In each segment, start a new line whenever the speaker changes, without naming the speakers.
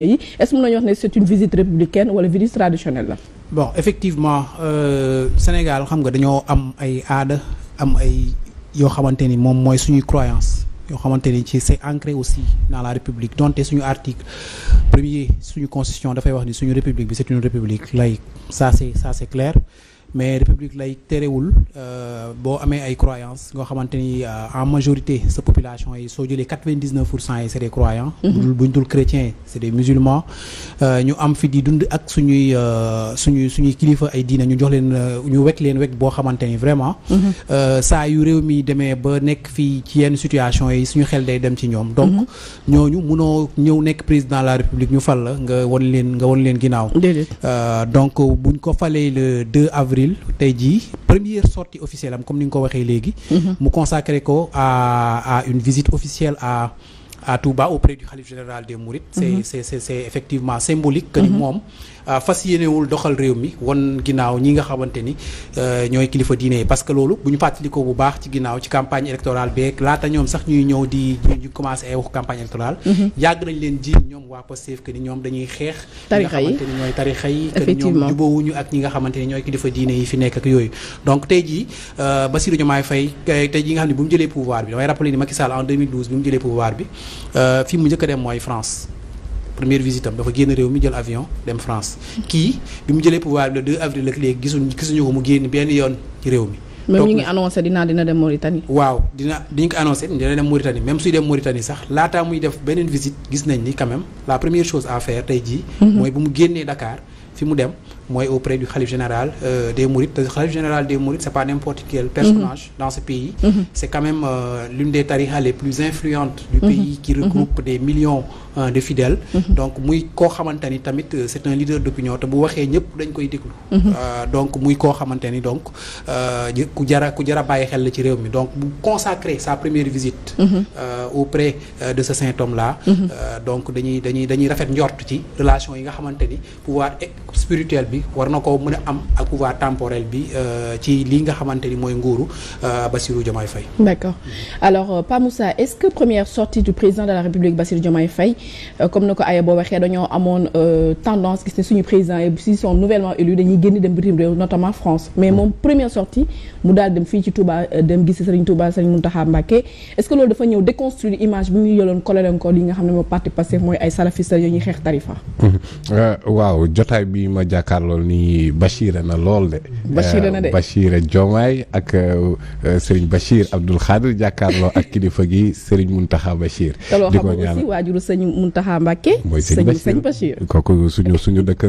yi est-ce que mën nañu wax ne c'est une visite républicaine wala visite traditionnelle la.
bon effectivement euh, Sénégal xam nga dañoo am ay aada am ay yoo xamante ni moom mooy suñuy croyance yoo xamante ni ci c'est ancré aussi dans la république donte suñu article premier suñu constitution dafay wax ni suñu république bi c'est une république laïque ça c'est ça c'est clair. mais république lay terewul euh, boo amee ay croyances nga xamante ni euh, en majorité sa population yi soo jëlee pour cent yi c'est des croyants. Mhm. buñ dul chrétiens c'est des musulmans. Euh, ñu am fi di dund ak suñuy suñuy suñuy kilifa ay diina ñu jox leen ñu wekk leen wekk boo xamante vraiment. Mhm. saa yu réew mi demee ba nekk fi ci yenn situation yi suñu xel day dem ci ñoom. donc mhm. ñooñu munoo ñëw nekk président de la république ñu fal la nga won leen nga won leen ginnaaw. donc buñ avril tey jii première sortie officielle comme ni nga ko waxee léegi mhm. mu consacré ko à une visite officielle à à Touba auprès du khalife général des Mourides. c'est mhm. c'est effectivement symbolique. que mhm. moom euh, fas yéenewul doxal réew mi won ginnaaw ñi nga xamante ni euh, ñooy kilifa diine yi parce que loolu bu ñu bu baax ci ginnaaw ci campagne électorale beeg laata ñoom sax mhm. fi nekk yooyu. donc tey jii euh, Bassirou Diomaye Faye tey jii nga xam ne bu mu jëlee pouvoir bi mu jëlee pouvoir bi Euh, fi mu njëkk a dem mooy France première visite am dafa génn réew mi jël avion dem France kii bi mu jëlee pouvoir bi le 2 avril ak léegi gisuñu gisuñu ko mu génn benn yoon ci réew mi.
même ñu ngi annoncé dinaa dina dem Mauritanie.
waaw dina diñu ko annoncé dina dem Mauritanie même suy dem Mauritanie sax laataa muy def beneen visite gis nañ ni quand même la première chose à faire tey jii. Mhm. mooy bu mu génnee Dakar fi mu dem. mooy auprès du khalife général euh, des mourides le khalife général des mourides c'est pas n'importe quel personnage mhm. dans ce pays mhm. c'est quand même euh, l'une des tarixas les plus influentes du mhm. pays qui regroupe des millions euh, de fidèles donc muy koo xamante tamit euh, c'est un leader d'opinion te bu waxee ñëpp dañ koy déglu donc muy koo xamante donc ku jara bàyyi xel la ci réew mi donc bu consacrer sa première visite auprès de ce saint homme donc dañuy dañuy rafet njort ci relation bi war na ko mën a am ak pouvoir temporel bi euh, ci lii nga xamante ni mooy nguuru euh, Bassirou Diomaye Faye.
d'accord alors euh, Pa Moussa est première sortie du président de la République Bassirou Diomaye Faye comme na ko aya boo waxee dañoo amoon tendance gis ne suñu président si sont nouvellement élus dañuy génn dem bitim réew notamment France mais moom première sortie mu daal dem fii ci Touba dem gis Serigne Touba Serigne Mountakha Mbacké est-ce que loolu dafa ñëw déconstruire image
jàkkaarlool nii Bachir na lool de. Bachir euh, na de Bachir Diomaye ak euh, euh, Serigne Bachir Abdoul Khadir jàkkaarloo ak kilifa gi sëriñ Mountakha Bachir. di ko ñaan te loo xam aussi
waajuru sëñ Mountakha Mbacke. mooy sëñ Bachir
kooku suñu suñu dëkk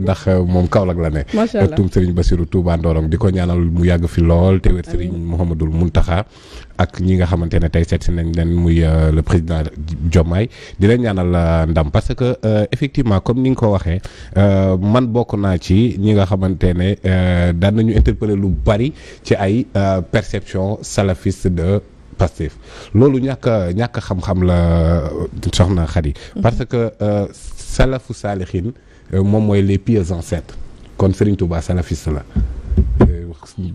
ndax moom Kaolack la ne. macha allah sëriñ Serigne Bachir Touba di ko ñaanal mu yàgg fi lool te wér Serigne Mouhamadul Mountakha. ak ñi nga xamante ne tey seet si nañ leen muy euh, le président Diomaye di leen ñaanal euh, ndam parce que euh, effectivement comme ni nga ko waxee man bokk naa ci ñi nga xamante ne daan nañu interpeller lu bari ci ay perception salafiste de Pastef loolu ñàkk ñàkk xam-xam la soxna xari mhm. parce que salafu saalihin moom mooy les pieux ancêtres kon Serigne Touba salafiste la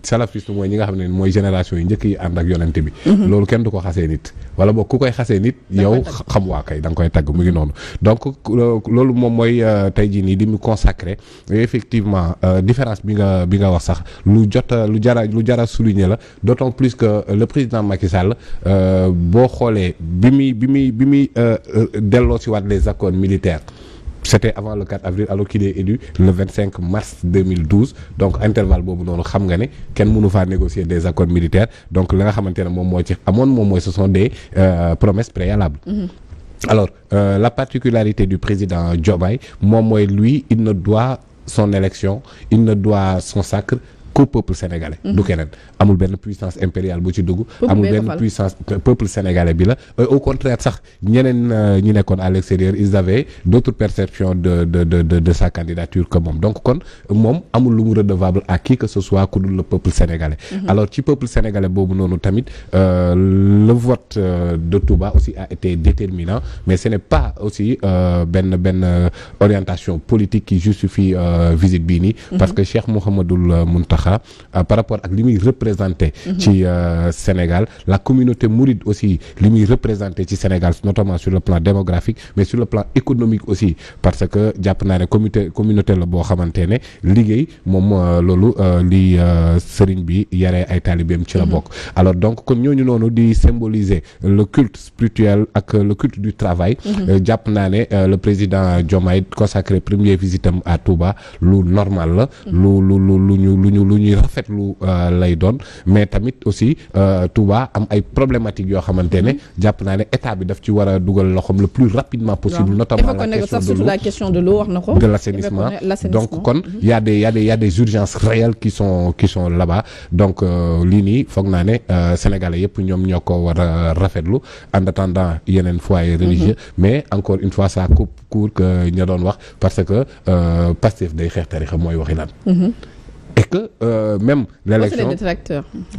salafiste mooy ñi nga xam ne mooy génération yi njëkk yi ànd ak yonente bi mhm. loolu kenn du ko xasee nit wala boog ku koy xasee nit yow xam waa kay da nga koy tagg mu ngi noonu donc loolu moom mooy euh, tey jii nii di mu consacré effectivement euh, différence bi nga bi nga wax sax lu jot lu jara lu jara souligner la d' autant plus que euh, le président Macky Sall boo xoolee bi muy bi muy bi muy delloo si waat les accords militaires c'était avant le 4 avril alors qu'il est élu le 25 mars 2012 donc intervalle boobu noonu xam nga ne kenn mënu faa négocier des accords militaires donc la nga xamante ne moom moo ci amoon moom mooy ce sont des euh, promesses préalables mmh. alors euh, la particularité du président Diomaye moom mooy lui il ne doit son élection il ne doit son sacre ko peuple sénégalais. du mhm. keneen amul benn puissance impériale bu ci dugg. amul benn puissance euh, peuple sénégalais bi la. Euh, au contraire sax ñeneen euh, ñi nekkoon à l'extérieur ils avaient d'autres perceptions de de de de de sa candidature que moom donc kon moom amul lu mu redevable à qui que ce soit ku dul le peuple sénégalais. Mhm. alors ci peuple sénégalais boobu noonu tamit le vote de Touba aussi a été déterminant mais ce n'est pas aussi benn benn orientation politique qui justifie visite bii Muntaxa euh, par rapport ak li muy représenté mhm. ci euh, Sénégal la communauté mouride aussi li muy représenté ci Sénégal notamment sur le plan démographique mais sur le plan économique aussi parce que jàpp naa ne comité communauté la boo xamante ne liggéey moom euh, loolu li sëriñ bi yaree ay taalibeem ci la mhm. bokk alors donc kon ñooñu noonu di symboliser le culte spirituel ak le culte du travail mhm. jàpp naa ne le président Diomaye consacré premier visitam à Touba lu normal la lu lu lu ñuy rafetlu euh, lay doon mais tamit aussi euh, Touba am ay problématiques yoo xamante ne jàpp naa ne état bi daf ci war a dugal loxoom le plus rapidement possible notamment la
question de l'eau wax na ko de l'assainissement donc
kon y a des a des y a des urgences réelles qui sont qui donc euh, lii nii foog naa ne sénégalais yëpp ñoom ñoo ko war a rafetlu en yeneen foyer mhm. religieux mais encore une fois ça coupe court que ña doon wax parce que Pastef day xeex tarixa mooy waxi et que euh, même ah, l'élection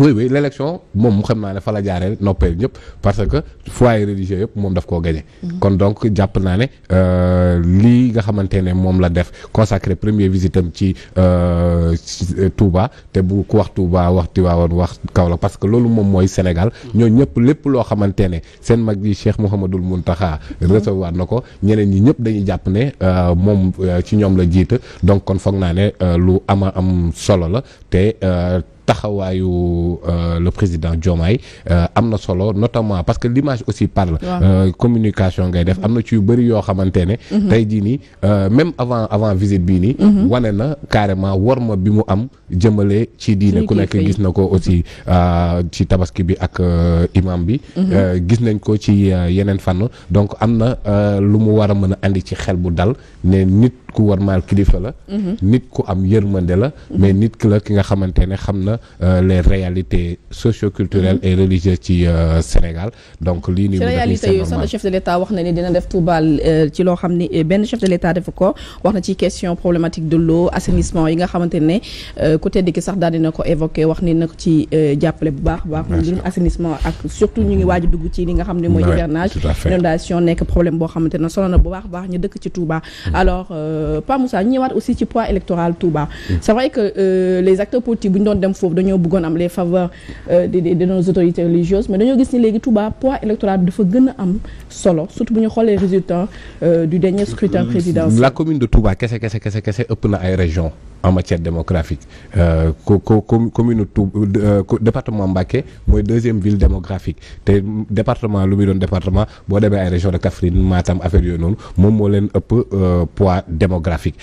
oui oui l'élection moom mu xam naa ne fa la jaaree noppee ñëpp parce que foyer religieux yëpp moom daf koo gañe mhm. kon donc jàpp naa ne euh, lii nga xamante ne moom la def consacré premier visitam ci euh, Touba te bu ku wax Touba wax Tivaouane wax Kaolack parce que loolu moom mooy Sénégal mhm. ñoo ñëpp lépp loo xamante ne seen mag yi Cheikh mun Mountakha mhm. recevoir na ko ñeneen ñi ñëpp dañuy jàpp ne moom ci ñoom la jiita donc kon foog naa ne lu ama am solo la te eh, taxawaayu euh, le président Diomaye euh, am na solo notamment parce que l'image aussi parle euh, communication ngay def mm-hmm. am na ci yu bëri yoo xamante ne mm-hmm. tey jii nii même avant avant visite bii nii mm-hmm. wane na carrément worma bi mu am jëmale ci diine ku nekk gis na ko aussi ci tabaski bi ak imam bi gis nañ ko ci yeneen fànn donc am na lu mu war a mën a andi ci xel bu dal ne nit ku war kilifa la nit ku am yërmande la mais nit ki la ki nga xamante xam na na euh, les réalités socioculturelles mm-hmm. et religieuses ci euh, Sénégal donc lii nii. réalité yooyu sax chef
de l'État wax na ni dina def Touba euh, ci loo xam ni benn chef de l'État def ko wax na ci question problématique de l'eau assainissement yi nga xamante ne côté dëkk sax daal dina ko évoqué wax ni na ko ci jàppale bu baax baax mu mbirum assainissement a dugg ci li nga xam ne mooy hivernage inondation nekk problème boo xamante ne solo bu baax baax ñu dëkk ci Touba mm. alors Pa Moussa ñu ñëwaat aussi ci poids électoral Touba mm. c'est vrai que les acteurs politiques foofu dañoo bëggoon am les faveurs euh, de de nos autorités religieuses mais dañoo gis ni léegi Touba poids électoral dafa gën a am solo surtout bu ñu xoolee résultat euh, du dernier scrutin présidentiel.
la commune de Touba kese kese kese kese ëpp na ay région en matière démographique ko euh, ko commune Touba département Mbacké mooy deuxième ville démographique te département lu muy doon département boo demee ay région de Kaffrine Matam affaire yooyu noonu moom moo leen ëpp poids démographique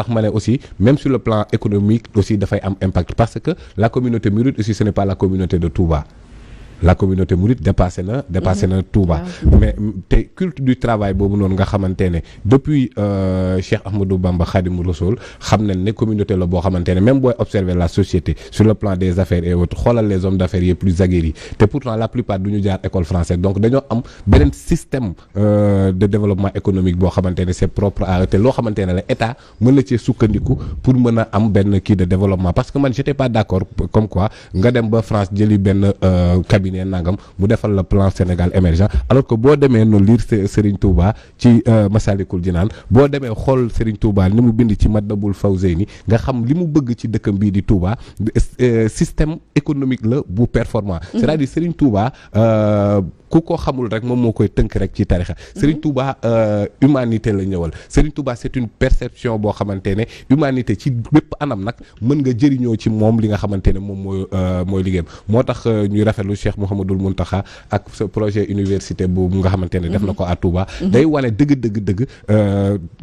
tax ma ne aussi même sur le plan économique la communauté mouride aussi ce n'est pas la communauté de Touba la communauté mouride dépassé na dépassé na mhm. Touba mais te culte du travail boobu noonu nga xamante ne depuis euh, Cheikh Ahmadou Bamba Khadimu Rasoul xam nañ ne communauté la boo xamante ne même booy observer la société sur le plan des affaires et autres xoolal les hommes d'affaires yi plus aguerris te pourtant la plupart du ñu jaar école française donc dañoo am beneen système euh, de développement économique boo xamante ne c'est propre à te loo xamante la état mën am benn kii de développement parce que man j'étais cabinet nangam mu defal la plan Sénégal émergent alors que boo demee no liir Serigne Touba ci euh, Massalikul Jinaan boo demee xool Serigne Touba ni mu bind ci Madabul ni nga xam li mu bëgg ci dëkkam bii di Touba euh, système économique la bu performant mm-hmm. c'est-à-dire Serigne Touba euh, ku ko xamul rek moom moo koy tënk rek ci tarixa mhm. Serigne Touba euh, humanité la ñëwal Serigne Touba c'est une perception boo xamante ne humanité ci bépp anam nag mën nga jëriñoo ci moom li nga xamante ne moom mooy euh, mooy liggéeyam moo tax euh, ñuy rafetlu Cheikh Mouhamadul Mountakha ak ce projet université boobu nga xamante ne def na mhm. ko à mhm. day wane dëgg dëgg dëgg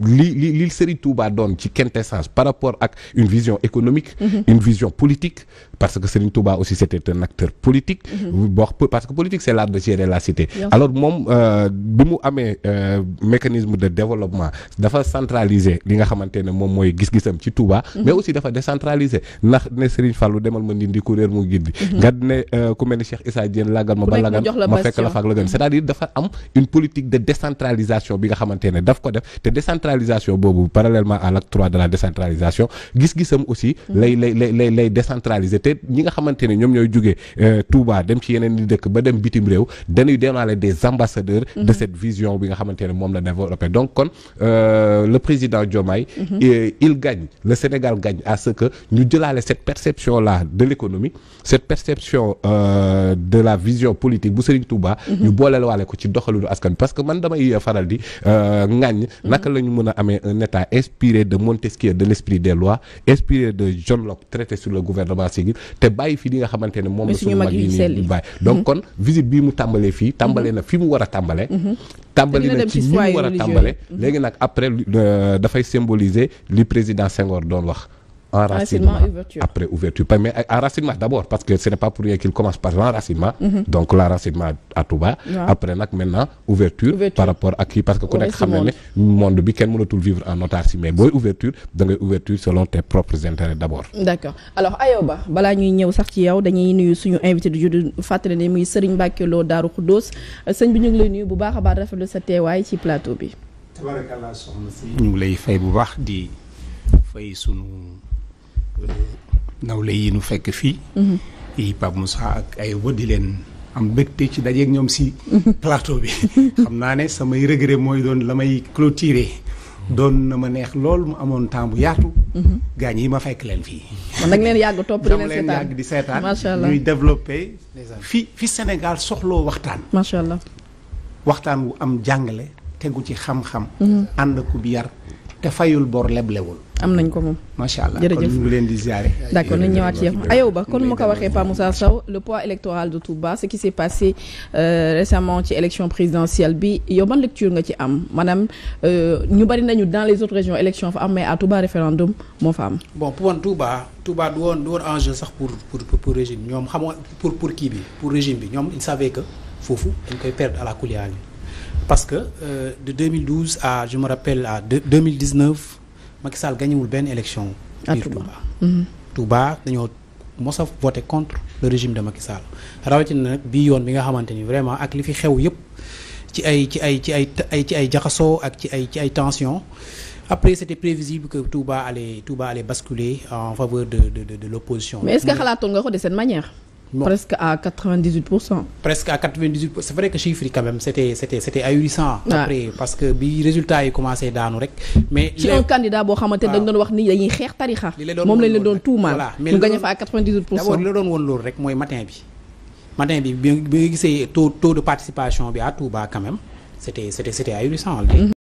li li li Serigne Touba doon ci quintessence par rapport ak une vision économique une vision politique parce que Serigne Touba aussi c' était un acteur politique. boo mm -hmm. parce que politique c' est l' art la cité. alors moom euh, bi mu amee euh, mécanisme de développement dafa centraliser li nga xamante ne moom mooy gis-gisam ci Touba. Mhm. mais aussi dafa décentraliser ndax ne Serigne Fallou demal ma ndindi ku réer mu giddi mhm. nga ne euh, ku mel ni Cheikh Issa Diène ma ba laagal ma fekk la faak la gën c' de décentralisation bi nga xamante ne daf ko def te décentralisation boobu parallèlement à l' acte 3 de la décentralisation gis-gisam aussi. Mhm. lay lay lay lay décentraliser te ñi nga xamante ne ñoom ñooy jugee euh, Touba dem ci yeneen i dëkk ba dem bitim réew dañuy demaale des ambassadeurs de mhm. cette vision bi nga xamante ne moom la développé donc kon euh, le président jomaay mhm. il gagne le Sénégal gagne à ce que ñu jëlaale cette perception là de l'économie cette perception euh, de la vision politique bu Serigne Touba mhm. ñu booleel waale ko ci doxalu doxalinu askan parce que man damay faral di ŋàññ naka la ñu mën a amee un état inspiré de Montesquieu de l'esprit des lois inspiré de John Locke traité sur le gouvernement civil te bàyyi fii li nga xamante ne moom la suñu mag yi nii bàyyi donc mhm. kon visite bii mu tàmbalee fii tàmbalee na fi mu war a tàmbalee mhm. tàmbali na ci ñi mu war a tàmbale mhm. léegi nag après euh, dafay symboliser li président Senghor doon wax en ouverture. après ouverture mais enracinement d'abord parce que ce n'est pas pour rien qu'il commence par l'enracinement mm -hmm. donc l'enracinement à Touba yeah. après nag maintenant ouverture, ouverture par rapport ak kii parce que ku nekk xam na ne monde bi kenn mënatul vivre en autarcie mais booy ouverture da ouverture selon tes propres intérêts d'abord
d'accord alors Ayoba balaa ñuy ñëw sax ci yow dañuy nuyu suñu invité du jour fàttali ne muy Serigne Mbacké Lo Daaru Xuddoos sëñ bi ñu ngi lay bu baax a baax rafetlu sa teewaay ci plateau bi
tabarakallaa soxna si ñu ngi bu baax di fay sunu nawle yi nu fekk fii. Mhm. yi Pape Moussa ak ay di leen. am mbégte ci dajeeg ñoom si. Mhm. plateau bi xam naa ne samay regret mooy doon la may clôturer. Mhm. doon na ma neex lool mu amoon temps bu yaatu. gaa yi ma fekk leen fii.
kon nag leen yàgg topp di leen seetaan leen yàgg di seetaan. macha allah ñuy développé.
fii fi Sénégal soxloo waxtaan. macha allah waxtaan wu am jàngale tegu ci xam-xam. ànd ko bi yar. te fayul bor leblewul. am nañ ko moom. macha allah kon ñu ngi leen di ziare. d' accord nañu ñëwaat
ba kon mu ko waxee Pa Moussa Sow le poids électoral de Touba ce qui s' est passé euh, récemment ci bi yow ban lecture nga ci am maanaam euh, ñu bari nañu dans les autres régions élection fa am mais à Touba moo fa am.
bon pour woon Touba woon du woon sax pour pour pour régime ñoom xamoo pour pour kii bi pour régime bi ñoom il savait que foofu dañ koy perdre à la parce que euh, de 2012 à je me rappelle à deux 2019 Macky Sall gañewul benn élection. biir Touba Touba dañoo mos a voté contre le régime de Macky Sall rawatina nag bii yoon bi nga xamante ni vraiment ak li fi xew yëpp ci ay ci ay ci ay ay ci ay jaxasoo ak ci ay ci ay tension après c'était prévisible que Touba allait Touba allait basculer en faveur de de de, de l'opposition mais est-ce nga
ko de cette manière. Bon. Presque à 98%.
Presque à 98%. C'est vrai que chiffre quand même, c'était c'était c'était ahurissant ouais. après parce que bi résultat yi commencé daanu rek mais ci un
candidat boo xamante da nga doon wax ni dañuy xeex tarixa moom lañ la doon
tuumaal mu gagné fa à 98% d'abord li la doon woon loolu rek mooy matin bi matin bi bi nga gisee taux taux de participation bi à Touba quand même c'était c'était c'était ahurissant